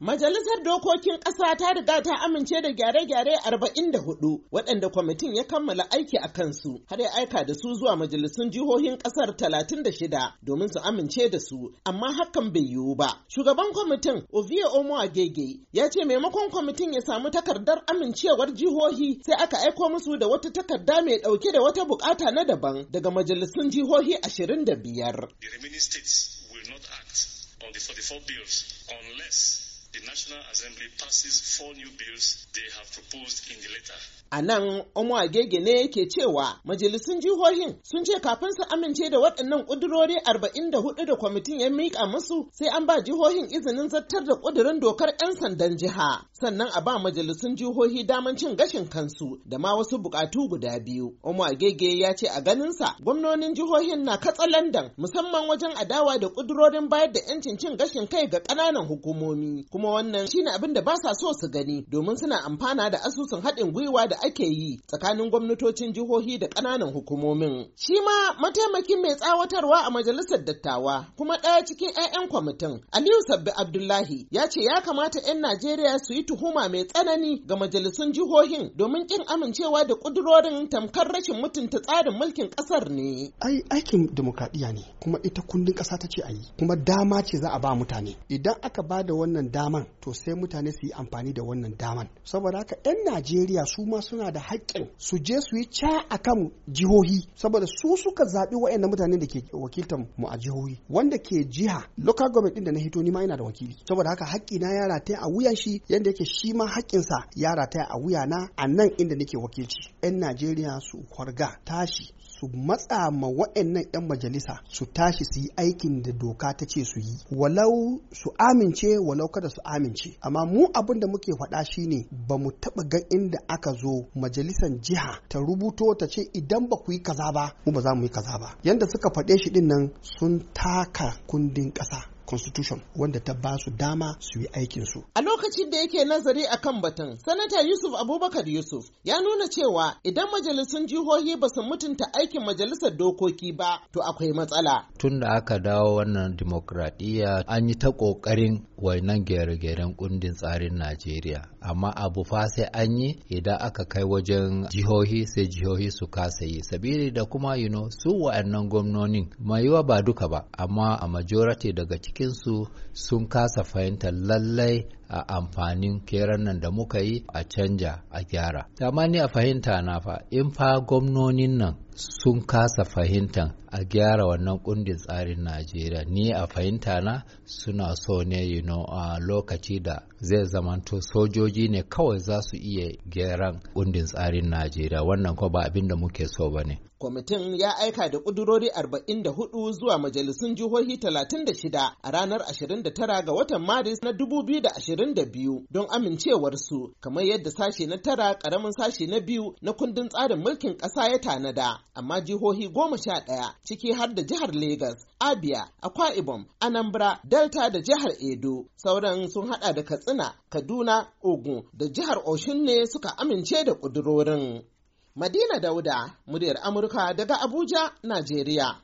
Majalisar Dokokin Ƙasa ta riga ta amince da gyare-gyare 44 waɗanda kwamitin ya kammala aiki a kansu har ya aika da su zuwa majalisun jihohin ƙasar 36 domin su amince da su amma hakan bai yiwu ba. Shugaban kwamitin Ovie Omo Agege ya ce maimakon kwamitin ya samu takardar amincewar jihohi sai aka aiko musu da wata takarda mai ɗauke da wata buƙata na daban daga majalisun jihohi 25. on the 44 bills unless A nan, Omo Agege ne yake cewa majalisun jihohin sun ce kafin su amince da waɗannan ƙudurori 44 da kwamitin ya miƙa musu sai an ba jihohin izinin zartar da ƙudurin dokar 'yan sandan jiha. Sannan a ba majalisun jihohi daman cin gashin kansu da ma wasu buƙatu guda biyu. Omo Agege ya ce a ganinsa gwamnonin jihohin na Landan, musamman wajen adawa da ƙudurorin bayar da 'yancin cin gashin kai ga ƙananan hukumomi. Kuma kuma wannan shine abin da ba sa so su gani domin suna amfana da asusun haɗin gwiwa da ake yi tsakanin gwamnatocin jihohi da ƙananan hukumomin. Shi ma mataimakin mai tsawatarwa a majalisar dattawa kuma ɗaya cikin 'ya'yan kwamitin Aliyu Sabbi Abdullahi ya ce ya kamata 'yan Najeriya su yi tuhuma mai tsanani ga majalisun jihohin domin ƙin amincewa da ƙudurorin tamkar rashin mutunta tsarin mulkin ƙasar ne. Ai aikin demokradiyya ne kuma ita kundin ƙasa ta ce a yi kuma dama ce za a ba mutane. Idan aka ba da wannan dama daman to sai mutane su yi amfani da wannan daman saboda haka 'yan najeriya su ma suna da haƙƙin su je su yi ca a kan jihohi saboda su suka zaɓi waɗannan mutanen da ke wakiltar mu a jihohi wanda ke jiha local government din da na hito ni ma ina da wakili saboda haka haƙƙi na ya rataya a wuyan shi yadda yake shi ma sa ya rataya a wuya na a nan inda nake wakilci 'yan najeriya su kwarga tashi su matsa ma waɗannan 'yan majalisa su tashi su yi aikin da doka ta ce su yi walau su amince walau kada su amince amma mu abin da muke faɗa shine ba mu taɓa ga inda aka zo majalisar jiha ta rubuto ta ce idan ba ku yi kaza ba mu ba za mu yi kaza ba yanda suka faɗe shi din nan sun taka kundin ƙasa constitution wanda ta ba su dama su yi su A lokacin da yake nazari a kan batun, Sanata Yusuf Abubakar Yusuf ya nuna cewa idan majalisun jihohi ba su mutunta aikin majalisar dokoki ba, to akwai matsala. Tun da aka dawo wannan dimokuraɗiyya an yi ta ƙoƙarin wainan gere gyaren kundin tsarin Najeriya, amma abu fa sai an yi idan aka kai wajen jihohi sai jihohi su kasa yi, sabili da kuma you know, su wa'annan gwamnonin mai yiwa ba duka ba, amma a majority daga ciki. cikinsu sun kasa fahimtar lallai a amfanin keran nan da muka yi a canja a gyara. Amma a fahimta na fa in fa gwamnonin nan sun kasa fahimtan a gyara wannan kundin tsarin najeriya ni a fahimta na suna so ne you know, a lokaci da zai zamanto sojoji ne kawai za su iya gyaran kundin tsarin najeriya wannan ko ba abin da muke so ba ne kwamitin ya aika da ƙudurori 44 zuwa majalisun jihohi 36 a ranar 29 ga watan maris na 2022 don amincewarsu kamar yadda sashe na tara karamin sashe na biyu na kundin tsarin mulkin ƙasa ya tanada amma jihohi goma sha ɗaya ciki har da jihar Legas, Abia, Akwa Ibom, Anambra, Delta da jihar Edo. Sauran sun haɗa da Katsina, Kaduna, Ogun da jihar Oshun ne suka amince da ƙudurorin. Madina Dauda, muryar Amurka daga Abuja, Najeriya.